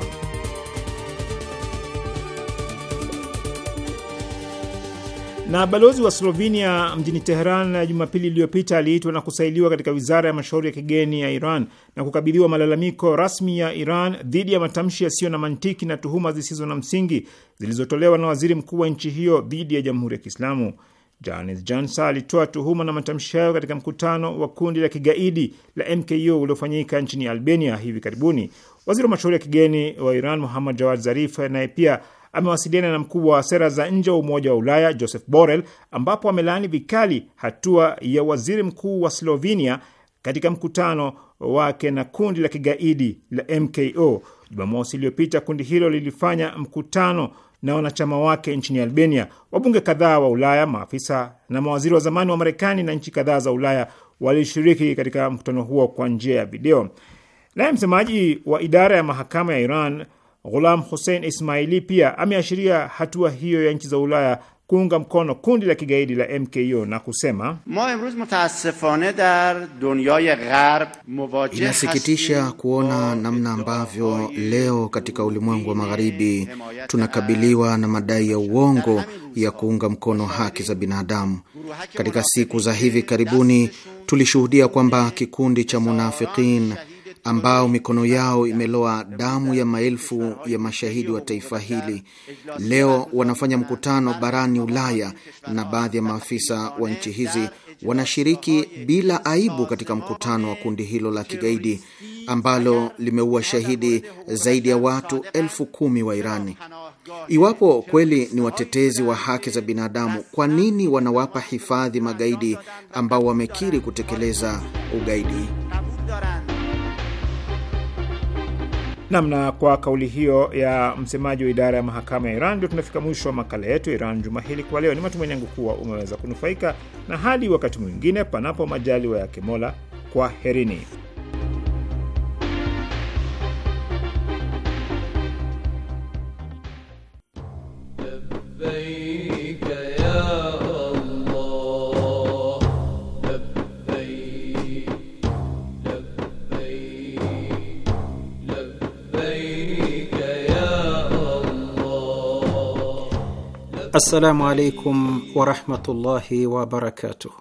Na balozi wa Slovenia mjini Teheran Jumapili iliyopita aliitwa na kusailiwa katika wizara ya mashauri ya kigeni ya Iran na kukabiliwa malalamiko rasmi ya Iran dhidi ya matamshi yasiyo na mantiki na tuhuma zisizo na msingi zilizotolewa na waziri mkuu wa nchi hiyo dhidi ya Jamhuri ya Kiislamu. Janis Jansa alitoa tuhuma na matamshi hayo katika mkutano wa kundi la kigaidi la MKO uliofanyika nchini Albania hivi karibuni. Waziri wa mashauri ya kigeni wa Iran Muhammad Jawad Zarif naye pia amewasiliana na mkubwa wa sera za nje wa Umoja wa Ulaya Joseph Borrell, ambapo amelaani vikali hatua ya waziri mkuu wa Slovenia katika mkutano wake na kundi la kigaidi la MKO. Jumamosi iliyopita kundi hilo lilifanya mkutano na wanachama wake nchini Albania. Wabunge kadhaa wa Ulaya, maafisa na mawaziri wa zamani wa Marekani na nchi kadhaa za Ulaya walishiriki katika mkutano huo kwa njia ya video. Naye msemaji wa idara ya mahakama ya Iran Ghulam Hussein Ismaili pia ameashiria hatua hiyo ya nchi za Ulaya kuunga mkono kundi la kigaidi la MKO na kusema inasikitisha kuona namna ambavyo leo katika ulimwengu wa magharibi tunakabiliwa na madai ya uongo ya kuunga mkono haki za binadamu. Katika siku za hivi karibuni tulishuhudia kwamba kikundi cha munafikin ambao mikono yao imeloa damu ya maelfu ya mashahidi wa taifa hili. Leo wanafanya mkutano barani Ulaya na baadhi ya maafisa wa nchi hizi wanashiriki bila aibu katika mkutano wa kundi hilo la kigaidi ambalo limeua shahidi zaidi ya watu elfu kumi wa Irani. Iwapo kweli ni watetezi wa haki za binadamu, kwa nini wanawapa hifadhi magaidi ambao wamekiri kutekeleza ugaidi? Namna kwa kauli hiyo ya msemaji wa idara ya mahakama ya Iran, ndio tunafika mwisho wa makala yetu Iran juma hili kwa leo. Ni matumaini yangu kuwa umeweza kunufaika, na hadi wakati mwingine, panapo majaliwa yake Mola, herini Assalamu alaikum warahmatullahi wabarakatuh.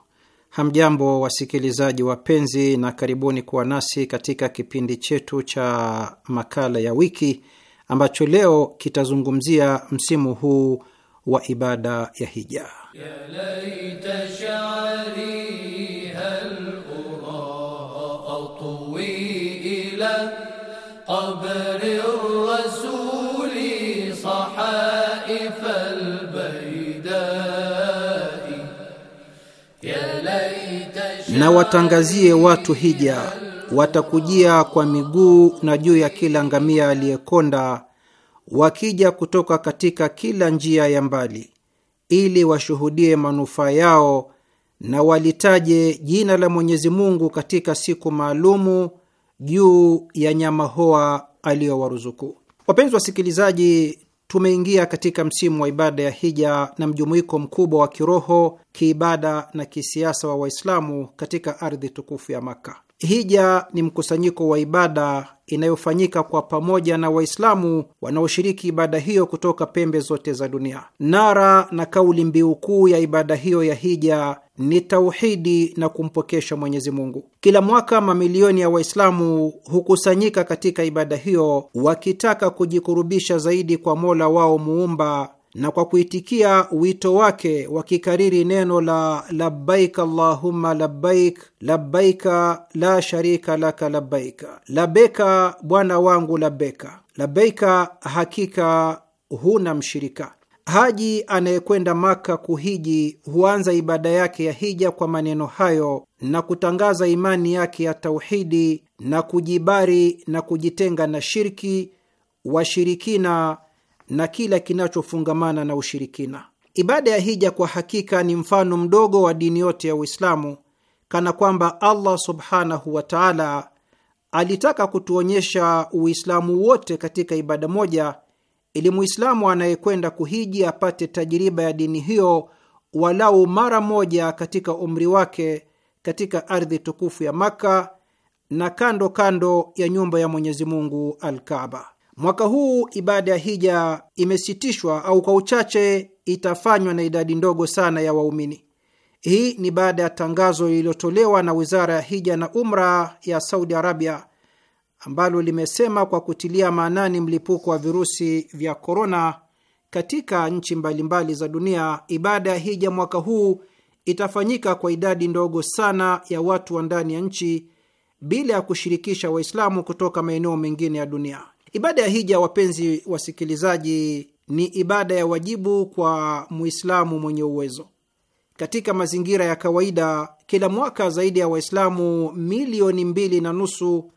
Hamjambo wasikilizaji wapenzi, na karibuni kuwa nasi katika kipindi chetu cha makala ya wiki ambacho leo kitazungumzia msimu huu wa ibada ya hija. Ya na watangazie watu hija, watakujia kwa miguu na juu ya kila ngamia aliyekonda, wakija kutoka katika kila njia ya mbali, ili washuhudie manufaa yao na walitaje jina la Mwenyezi Mungu katika siku maalumu juu ya nyama hoa aliyowaruzuku. Wapenzi wasikilizaji, Tumeingia katika msimu wa ibada ya hija na mjumuiko mkubwa wa kiroho, kiibada na kisiasa wa Waislamu katika ardhi tukufu ya Makka. Hija ni mkusanyiko wa ibada inayofanyika kwa pamoja na Waislamu wanaoshiriki ibada hiyo kutoka pembe zote za dunia. Nara na kauli mbiu kuu ya ibada hiyo ya hija ni tauhidi na kumpokesha Mwenyezi Mungu. Kila mwaka mamilioni ya Waislamu hukusanyika katika ibada hiyo wakitaka kujikurubisha zaidi kwa Mola wao muumba na kwa kuitikia wito wake wakikariri neno la labbaik allahumma labbaik labbaika la sharika laka labbaika labeka bwana wangu labeka labeika hakika huna mshirika. Haji anayekwenda Maka kuhiji huanza ibada yake ya hija kwa maneno hayo na kutangaza imani yake ya tauhidi na kujibari na kujitenga na shirki, washirikina na kila kinachofungamana na ushirikina. Ibada ya hija kwa hakika ni mfano mdogo wa dini yote ya Uislamu, kana kwamba Allah subhanahu wa taala alitaka kutuonyesha Uislamu wote katika ibada moja, ili Muislamu anayekwenda kuhiji apate tajiriba ya dini hiyo walau mara moja katika umri wake katika ardhi tukufu ya Makka na kando kando ya nyumba ya Mwenyezi Mungu Mwaka huu ibada ya hija imesitishwa au kwa uchache itafanywa na idadi ndogo sana ya waumini. Hii ni baada ya tangazo lililotolewa na wizara ya hija na umra ya Saudi Arabia ambalo limesema kwa kutilia maanani mlipuko wa virusi vya korona katika nchi mbalimbali za dunia, ibada ya hija mwaka huu itafanyika kwa idadi ndogo sana ya watu wa ndani ya nchi bila ya kushirikisha Waislamu kutoka maeneo mengine ya dunia. Ibada ya hija, wapenzi wasikilizaji, ni ibada ya wajibu kwa Muislamu mwenye uwezo. Katika mazingira ya kawaida, kila mwaka zaidi ya Waislamu milioni mbili na nusu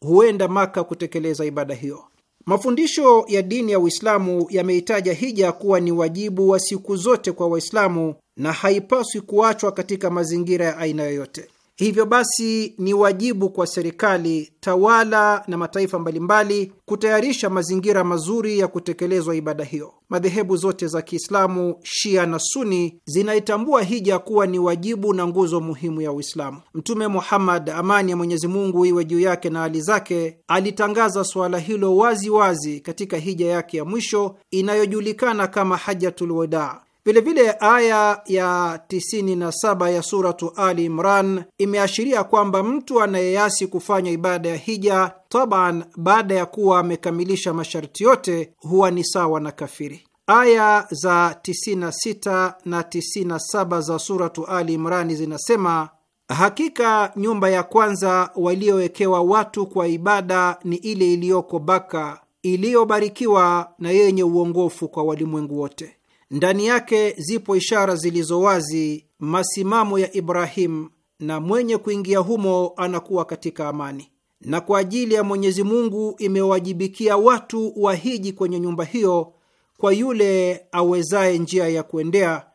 huenda Maka kutekeleza ibada hiyo. Mafundisho ya dini ya Uislamu yameitaja hija kuwa ni wajibu wa siku zote kwa Waislamu na haipaswi kuachwa katika mazingira ya aina yoyote. Hivyo basi ni wajibu kwa serikali, tawala na mataifa mbalimbali kutayarisha mazingira mazuri ya kutekelezwa ibada hiyo. Madhehebu zote za Kiislamu, Shia na Suni, zinaitambua hija kuwa ni wajibu na nguzo muhimu ya Uislamu. Mtume Muhammad, amani ya Mwenyezi Mungu iwe juu yake na hali zake, alitangaza suala hilo waziwazi wazi katika hija yake ya mwisho inayojulikana kama Hajatul Wadaa Vilevile aya ya 97 ya suratu Ali Imran imeashiria kwamba mtu anayeasi kufanya ibada ya hija taban, baada ya kuwa amekamilisha masharti yote, huwa ni sawa na kafiri. Aya za 96 na 97 za suratu Ali Imrani zinasema Hakika nyumba ya kwanza waliowekewa watu kwa ibada ni ile iliyoko Baka, iliyobarikiwa na yenye uongofu kwa walimwengu wote. Ndani yake zipo ishara zilizo wazi, masimamo ya Ibrahimu, na mwenye kuingia humo anakuwa katika amani. Na kwa ajili ya Mwenyezi Mungu imewajibikia watu wahiji kwenye nyumba hiyo kwa yule awezaye njia ya kuendea,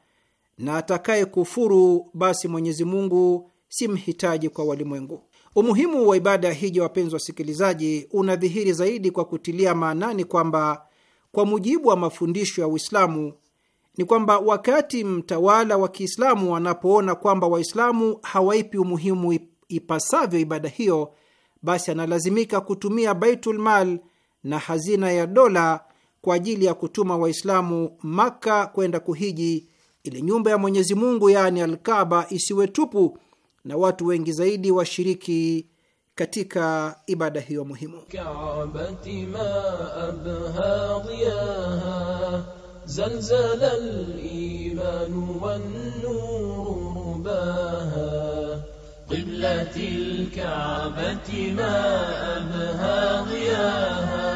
na atakaye kufuru basi Mwenyezi Mungu si mhitaji kwa walimwengu. Umuhimu wa ibada ya hija, wapenzi wasikilizaji, unadhihiri zaidi kwa kutilia maanani kwamba kwa mujibu wa mafundisho ya Uislamu ni kwamba wakati mtawala wa Kiislamu anapoona kwamba Waislamu hawaipi umuhimu ipasavyo ibada hiyo, basi analazimika kutumia Baitul Mal na hazina ya dola kwa ajili ya kutuma Waislamu Maka kwenda kuhiji ili nyumba ya Mwenyezi Mungu yaani Alkaba isiwe tupu na watu wengi zaidi washiriki katika ibada hiyo muhimu. زلزل الإيمان والنور رباها قبلة الكعبة ما أبهى ضياها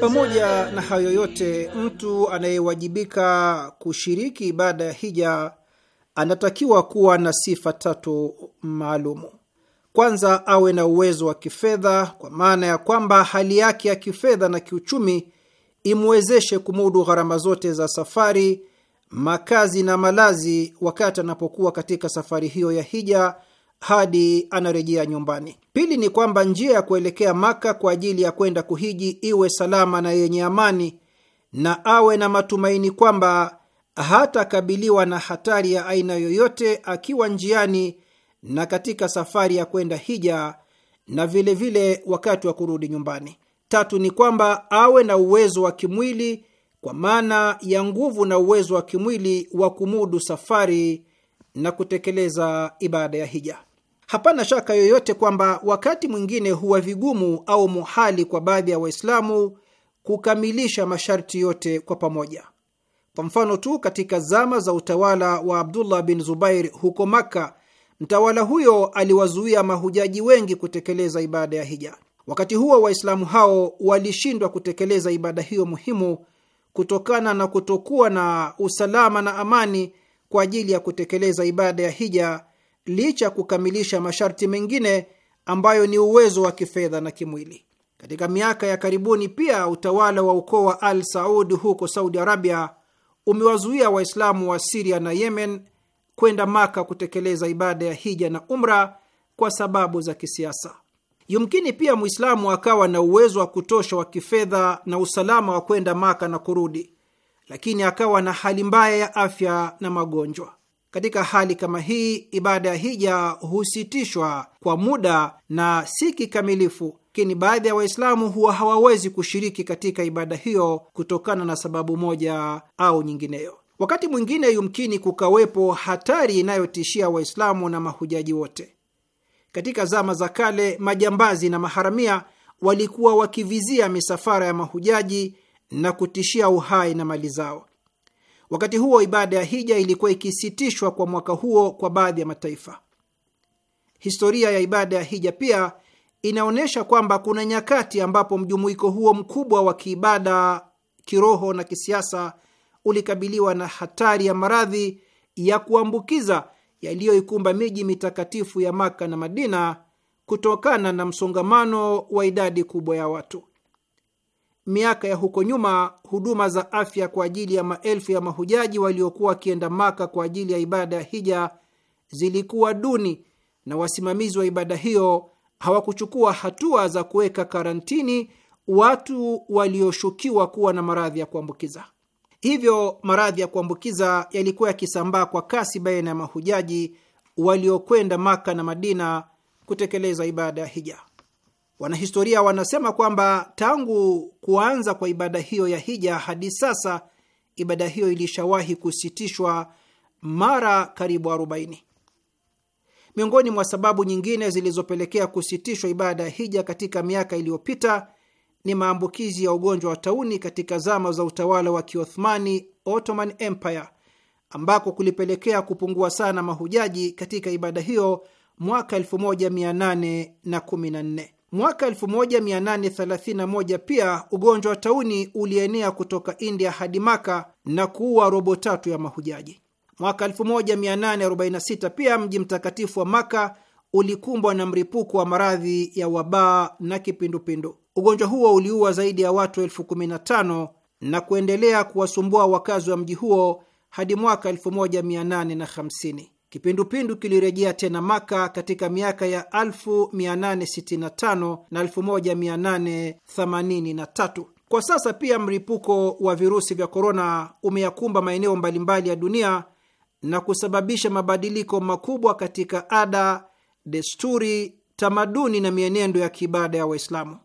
pamoja na hayo yote, mtu anayewajibika kushiriki ibada ya hija anatakiwa kuwa na sifa tatu maalumu. Kwanza, awe na uwezo wa kifedha, kwa maana ya kwamba hali yake ya kifedha na kiuchumi imwezeshe kumudu gharama zote za safari, makazi na malazi wakati anapokuwa katika safari hiyo ya hija hadi anarejea nyumbani. Pili ni kwamba njia ya kuelekea Maka kwa ajili ya kwenda kuhiji iwe salama na yenye amani, na awe na matumaini kwamba hatakabiliwa na hatari ya aina yoyote akiwa njiani na katika safari ya kwenda hija, na vilevile vile wakati wa kurudi nyumbani. Tatu ni kwamba awe na uwezo wa kimwili kwa maana ya nguvu na uwezo wa kimwili wa kumudu safari na kutekeleza ibada ya hija. Hapana shaka yoyote kwamba wakati mwingine huwa vigumu au muhali kwa baadhi ya Waislamu kukamilisha masharti yote kwa pamoja. Kwa mfano tu, katika zama za utawala wa Abdullah bin Zubair huko Makka, mtawala huyo aliwazuia mahujaji wengi kutekeleza ibada ya hija. Wakati huo Waislamu hao walishindwa kutekeleza ibada hiyo muhimu kutokana na kutokuwa na usalama na amani kwa ajili ya kutekeleza ibada ya hija licha ya kukamilisha masharti mengine ambayo ni uwezo wa kifedha na kimwili. Katika miaka ya karibuni pia utawala wa ukoo wa Al Saud huko Saudi Arabia umewazuia Waislamu wa Siria na Yemen kwenda Maka kutekeleza ibada ya hija na umra kwa sababu za kisiasa. Yumkini pia Mwislamu akawa na uwezo wa kutosha wa kifedha na usalama wa kwenda Maka na kurudi, lakini akawa na hali mbaya ya afya na magonjwa. Katika hali kama hii, ibada ya hija husitishwa kwa muda na si kikamilifu, lakini baadhi ya Waislamu huwa hawawezi kushiriki katika ibada hiyo kutokana na sababu moja au nyingineyo. Wakati mwingine, yumkini kukawepo hatari inayotishia Waislamu na mahujaji wote. Katika zama za kale, majambazi na maharamia walikuwa wakivizia misafara ya mahujaji na kutishia uhai na mali zao. Wakati huo, ibada ya hija ilikuwa ikisitishwa kwa mwaka huo kwa baadhi ya mataifa. Historia ya ibada ya hija pia inaonyesha kwamba kuna nyakati ambapo mjumuiko huo mkubwa wa kiibada, kiroho na kisiasa ulikabiliwa na hatari ya maradhi ya kuambukiza yaliyoikumba miji mitakatifu ya Maka na Madina kutokana na msongamano wa idadi kubwa ya watu. Miaka ya huko nyuma, huduma za afya kwa ajili ya maelfu ya mahujaji waliokuwa wakienda Maka kwa ajili ya ibada ya hija zilikuwa duni na wasimamizi wa ibada hiyo hawakuchukua hatua za kuweka karantini watu walioshukiwa kuwa na maradhi ya kuambukiza. Hivyo maradhi ya kuambukiza yalikuwa yakisambaa kwa kasi baina ya mahujaji waliokwenda Maka na Madina kutekeleza ibada ya hija. Wanahistoria wanasema kwamba tangu kuanza kwa ibada hiyo ya hija hadi sasa ibada hiyo ilishawahi kusitishwa mara karibu arobaini. Miongoni mwa sababu nyingine zilizopelekea kusitishwa ibada ya hija katika miaka iliyopita ni maambukizi ya ugonjwa wa tauni katika zama za utawala wa Kiothmani, Ottoman Empire, ambako kulipelekea kupungua sana mahujaji katika ibada hiyo mwaka 1814. Mwaka 1831 pia ugonjwa wa tauni ulienea kutoka India hadi Maka na kuua robo tatu ya mahujaji. Mwaka 1846 pia mji mtakatifu wa Maka ulikumbwa na mripuko wa maradhi ya wabaa na kipindupindu. Ugonjwa huo uliua zaidi ya watu elfu kumi na tano na kuendelea kuwasumbua wakazi wa mji huo hadi mwaka 1850. Kipindupindu kilirejea tena Maka katika miaka ya 1865 na 1883. Kwa sasa pia mripuko wa virusi vya korona umeyakumba maeneo mbalimbali ya dunia na kusababisha mabadiliko makubwa katika ada desturi, tamaduni na mienendo ya kiibada ya Waislamu.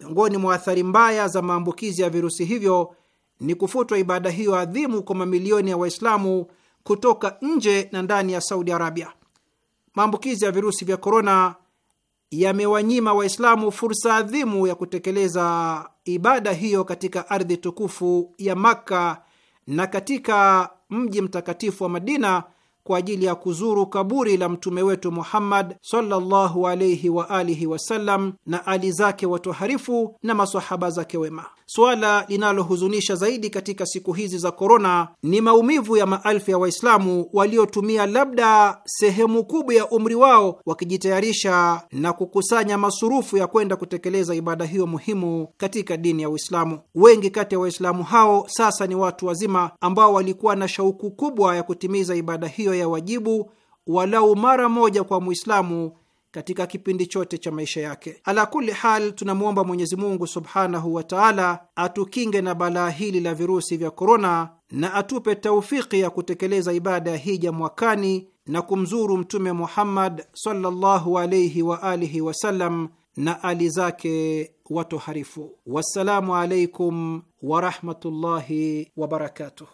Miongoni mwa athari mbaya za maambukizi ya virusi hivyo ni kufutwa ibada hiyo adhimu kwa mamilioni ya Waislamu kutoka nje na ndani ya Saudi Arabia. Maambukizi ya virusi vya korona yamewanyima Waislamu fursa adhimu ya kutekeleza ibada hiyo katika ardhi tukufu ya Makka na katika mji mtakatifu wa Madina kwa ajili ya kuzuru kaburi la mtume wetu Muhammad sallallahu alayhi wa alihi wasallam na ali zake watoharifu na masahaba zake wema. Suala linalohuzunisha zaidi katika siku hizi za korona ni maumivu ya maelfu ya Waislamu waliotumia labda sehemu kubwa ya umri wao wakijitayarisha na kukusanya masurufu ya kwenda kutekeleza ibada hiyo muhimu katika dini ya Uislamu. Wengi kati ya Waislamu hao sasa ni watu wazima ambao walikuwa na shauku kubwa ya kutimiza ibada hiyo ya wajibu walau mara moja kwa Muislamu katika kipindi chote cha maisha yake. Ala kuli hal, tunamwomba Mwenyezi Mungu subhanahu wa taala atukinge na balaa hili la virusi vya korona na atupe taufiki ya kutekeleza ibada ya hija mwakani na kumzuru Mtume Muhammad sallallahu wa alihi wasallam na ali zake watoharifu. Wassalamu alaikum warahmatullahi wabarakatuh.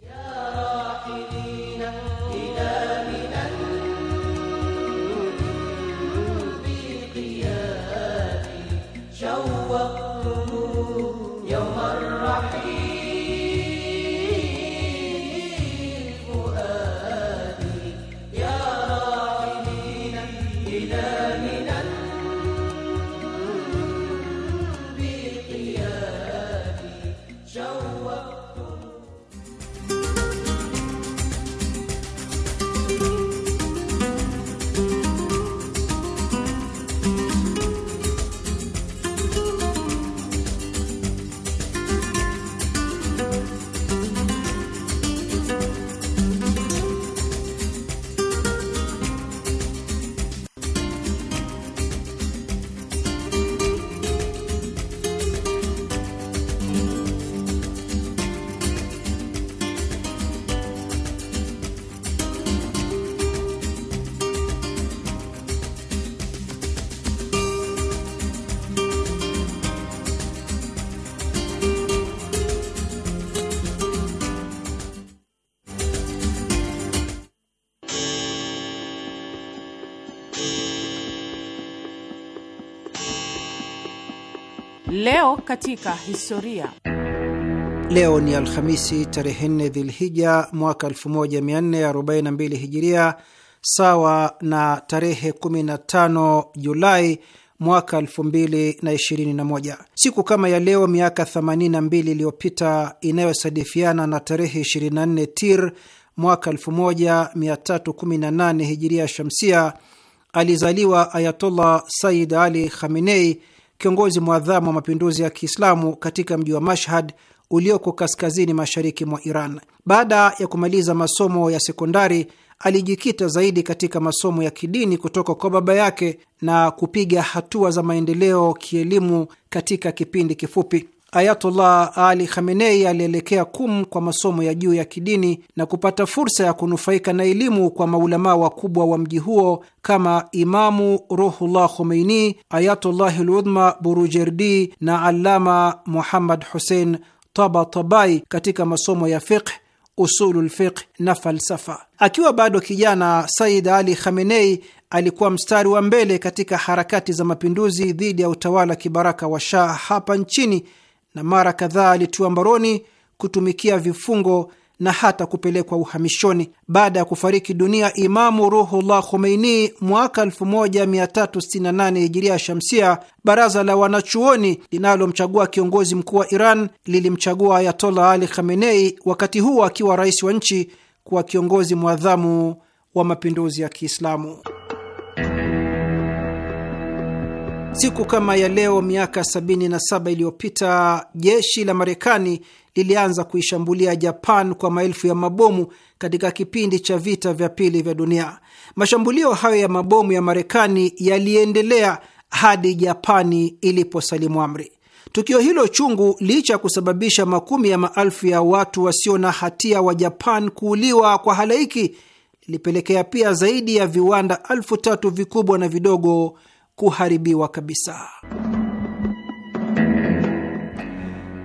Leo katika historia. Leo ni Alhamisi tarehe nne Dhilhija mwaka 1442 Hijiria, sawa na tarehe 15 Julai mwaka 2021. Siku kama ya leo miaka 82 iliyopita inayosadifiana na tarehe 24 Tir mwaka 1318 Hijiria Shamsia, alizaliwa Ayatollah Said Ali Khamenei, kiongozi mwadhamu wa mapinduzi ya Kiislamu katika mji wa Mashhad ulioko kaskazini mashariki mwa Iran. Baada ya kumaliza masomo ya sekondari, alijikita zaidi katika masomo ya kidini kutoka kwa baba yake na kupiga hatua za maendeleo kielimu katika kipindi kifupi. Ayatullah Ali Khamenei alielekea Kum kwa masomo ya juu ya kidini na kupata fursa ya kunufaika na elimu kwa maulamaa wakubwa wa, mji huo kama Imamu Ruhullah Khomeini, Ayatullahi Ludhma Burujerdi na Allama Muhammad Hussein Tabatabai katika masomo ya fiqh usulul fiqh na falsafa. Akiwa bado kijana, Said Ali Khamenei alikuwa mstari wa mbele katika harakati za mapinduzi dhidi ya utawala kibaraka wa Shah hapa nchini na mara kadhaa alitiwa mbaroni, kutumikia vifungo na hata kupelekwa uhamishoni. Baada ya kufariki dunia Imamu Ruhullah Khomeini mwaka 1368 hijiria shamsia, baraza la wanachuoni linalomchagua kiongozi mkuu wa Iran lilimchagua Ayatollah Ali Khamenei, wakati huo akiwa rais wa nchi, kuwa kiongozi mwadhamu wa mapinduzi ya Kiislamu. Siku kama ya leo miaka 77 iliyopita jeshi la Marekani lilianza kuishambulia Japan kwa maelfu ya mabomu katika kipindi cha vita vya pili vya dunia. Mashambulio hayo ya mabomu ya Marekani yaliendelea hadi Japani iliposalimu amri. Tukio hilo chungu, licha ya kusababisha makumi ya maelfu ya watu wasio na hatia wa Japan kuuliwa kwa halaiki, lilipelekea pia zaidi ya viwanda elfu tatu vikubwa na vidogo kuharibiwa kabisa.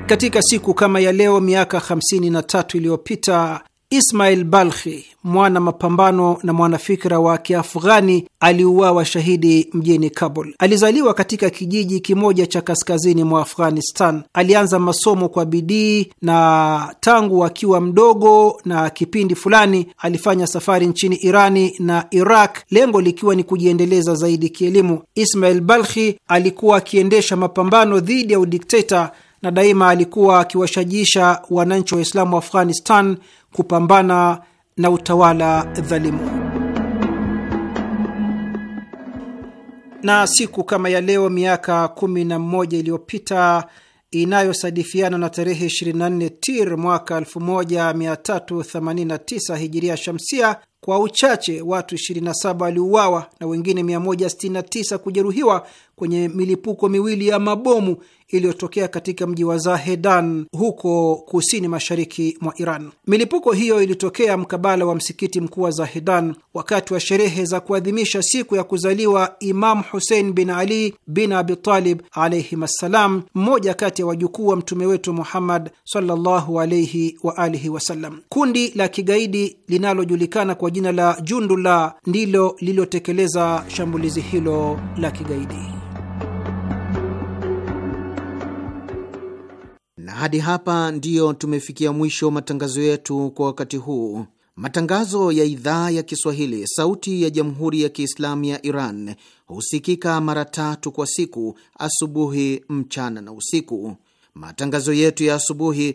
Katika siku kama ya leo miaka 53 iliyopita Ismail Balkhi, mwana mapambano na mwanafikira wa Kiafghani, aliuawa shahidi mjini Kabul. Alizaliwa katika kijiji kimoja cha kaskazini mwa Afghanistan. Alianza masomo kwa bidii na tangu akiwa mdogo, na kipindi fulani alifanya safari nchini Irani na Iraq, lengo likiwa ni kujiendeleza zaidi kielimu. Ismail Balkhi alikuwa akiendesha mapambano dhidi ya udikteta na daima alikuwa akiwashajisha wananchi wa Islamu wa Afghanistan kupambana na utawala dhalimu. Na siku kama ya leo miaka kumi na mmoja iliyopita inayosadifiana na tarehe 24 Tir mwaka 1389 hijiria shamsia, kwa uchache watu 27 waliuawa na wengine 169 kujeruhiwa kwenye milipuko miwili ya mabomu iliyotokea katika mji wa Zahedan huko kusini mashariki mwa Iran. Milipuko hiyo ilitokea mkabala wa msikiti mkuu wa Zahedan wakati wa sherehe za kuadhimisha siku ya kuzaliwa Imam Husein bin Ali bin Abi Talib alaihim assalam, mmoja kati ya wajukuu wa mtume wetu Muhammad sallallahu alaihi wa alihi wasallam. Kundi la kigaidi linalojulikana kwa jina la Jundula ndilo lililotekeleza shambulizi hilo la kigaidi. Na hadi hapa ndiyo tumefikia mwisho matangazo yetu kwa wakati huu. Matangazo ya idhaa ya Kiswahili, sauti ya jamhuri ya kiislamu ya Iran husikika mara tatu kwa siku: asubuhi, mchana na usiku. Matangazo yetu ya asubuhi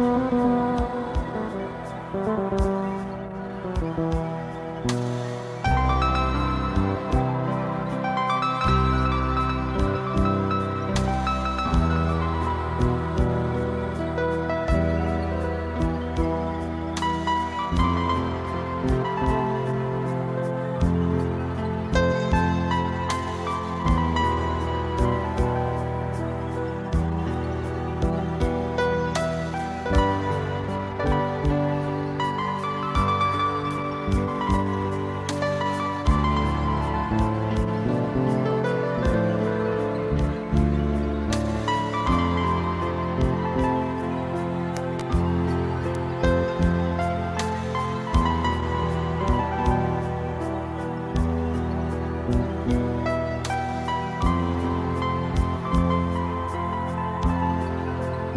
thank you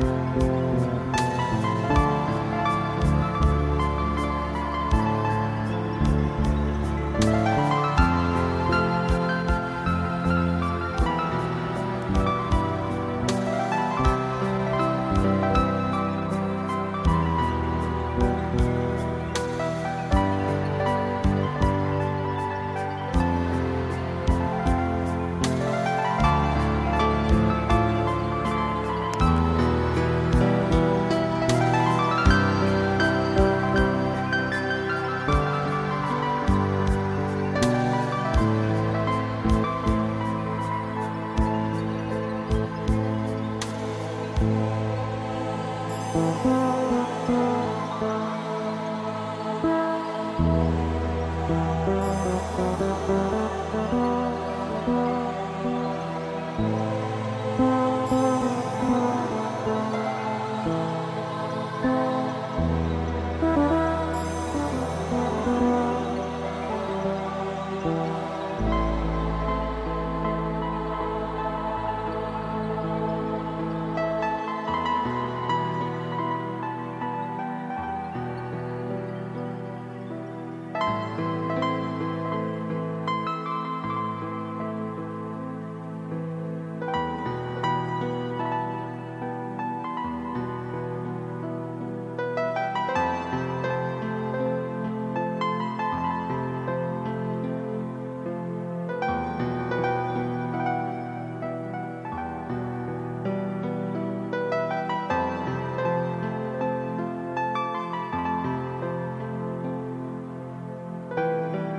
Música